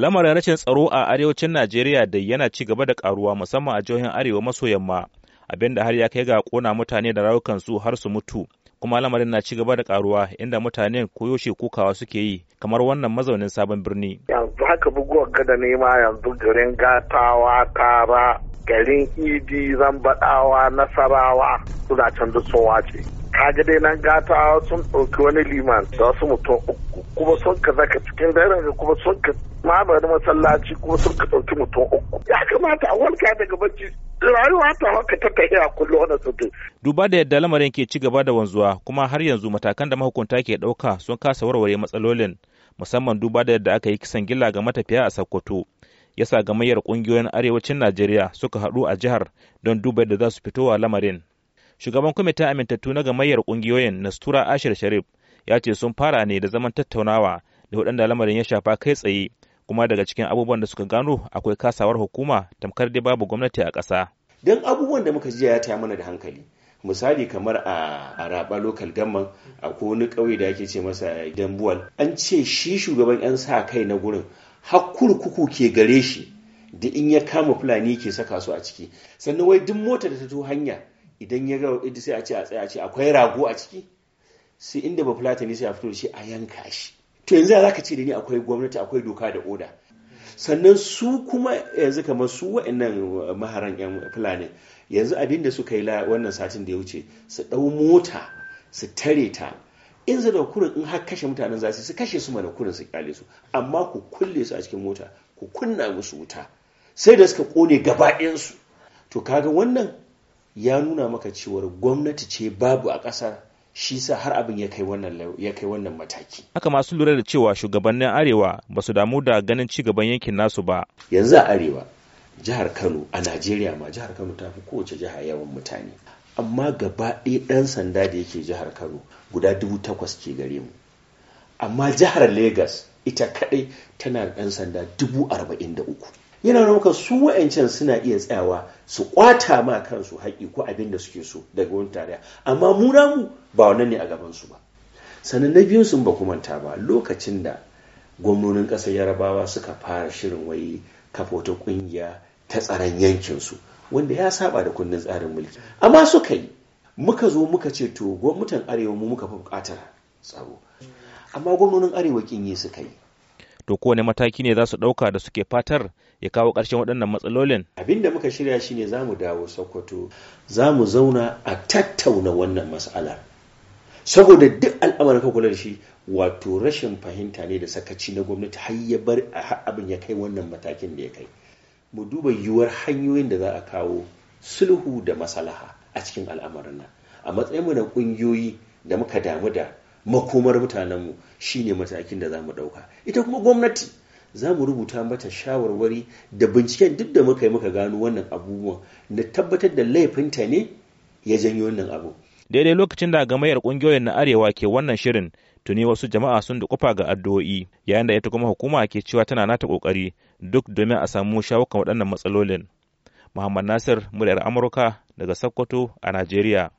lamarin rashin tsaro a arewacin najeriya da yana ci gaba da karuwa musamman a jihohin arewa maso yamma abinda har ya kai ga kona mutane da rayukansu har su mutu kuma lamarin na ci gaba da karuwa inda mutanen koyaushe kukawa suke yi kamar wannan mazaunin sabon birni yanzu haka buguwar gada nema yanzu garin gatawa tara garin idi zambaɗawa nasarawa suna can duk ce kaga dai nan gatawa sun ɗauki wani liman da wasu mutum uku kuma son ka zaka cikin daren ga kuma son ka mamari masallaci kuma son ka ɗauki mutum uku ya kamata a walka daga bacci rayuwa ta haka ta a kullum wani sutu. duba da yadda lamarin ke ci gaba da wanzuwa kuma har yanzu matakan da mahukunta ke ɗauka sun kasa warware matsalolin musamman duba da yadda aka yi kisan gilla ga matafiya a sokoto yasa gamayyar kungiyoyin arewacin najeriya suka haɗu a jihar don duba yadda za su fito wa lamarin shugaban kwamitin amintattu na gamayyar kungiyoyin nastura ashir sharif ya ce sun fara ne da zaman tattaunawa da waɗanda lamarin ya shafa kai tsaye kuma daga cikin abubuwan da suka gano akwai kasawar hukuma tamkar dai babu gwamnati a ƙasa. Don abubuwan da muka jiya ya taya mana da hankali. misali kamar a raba lokal gamman a wani ƙauye da ake ce masa dambuwal an ce shi shugaban 'yan sa kai na gurin hakkurkuku ke gare shi da in ya kama fulani ke saka su a ciki sannan wai duk mota da ta to hanya idan ya ga sai a ce a tsaya a ce akwai rago a ciki sai inda ba ne sai a fito da shi a yanka shi to yanzu za ka ce da ni akwai gwamnati akwai doka da oda sannan su kuma yanzu kamar su wa'annan eh, maharan yan fulani yanzu abin da suka yi wannan satin da ya wuce su ɗau mota su tare ta in zai da kurin in har kashe mutanen zasu su kashe su mana kurin su kyale su amma ku kulle su a cikin mota ku kunna musu wuta sai da suka kone gaba su to kaga wannan ya nuna maka cewar gwamnati ce babu a ƙasar shi sa har abin ya kai wannan mataki haka masu lura da cewa shugabannin arewa ba su damu da ganin ci gaban yankin nasu ba yanzu a arewa jihar Kano a Najeriya ma jihar Kano ta fi kowace jiha yawan mutane amma gaba ɗaya ɗan sanda da yake jihar Kano guda dubu takwas ke gare mu amma jihar Legas ita kaɗai tana da ɗan sanda dubu arba'in da uku yana nuna su wa'ancan suna iya tsayawa su kwata ma kansu haƙi ko abin da suke so daga wani tarayya amma mu namu ba wani ne a gabansu ba sannan na biyun sun ba kumanta ba lokacin da gwamnonin ƙasar yarabawa suka fara shirin wai kafa ta ƙungiya ta tsaron yankinsu wanda ya saba da kundin tsarin mulki amma suka yi muka zo muka ce to gwamnatin arewa mu muka fi buƙatar tsaro amma gwamnonin arewa kin yi suka yi to kowane mataki ne za su ɗauka da suke fatar ya kawo ƙarshen waɗannan matsalolin. Abin da muka shirya shine za mu dawo Sokoto za mu zauna a tattauna wannan matsalar saboda duk al'amarin ka kula da shi wato rashin fahimta ne da sakaci na gwamnati har ya bar abin ya kai wannan matakin da ya kai mu duba yiwuwar hanyoyin da za a kawo sulhu da masalaha a cikin al'amarin nan a matsayin mu na ƙungiyoyi da muka damu da makomar mutanenmu shine matakin da za mu ɗauka ita kuma gwamnati za mu rubuta mata shawarwari da binciken duk da muka yi muka gano wannan abubuwan na tabbatar da laifinta ne ya janyo wannan abu daidai lokacin da gamayyar kungiyoyin na arewa ke wannan shirin tuni wasu jama'a sun dukufa ga addu'o'i yayin da ita kuma hukuma ke cewa tana nata kokari duk domin a samu shawukan waɗannan matsalolin muhammad nasir muryar amurka daga sokoto a najeriya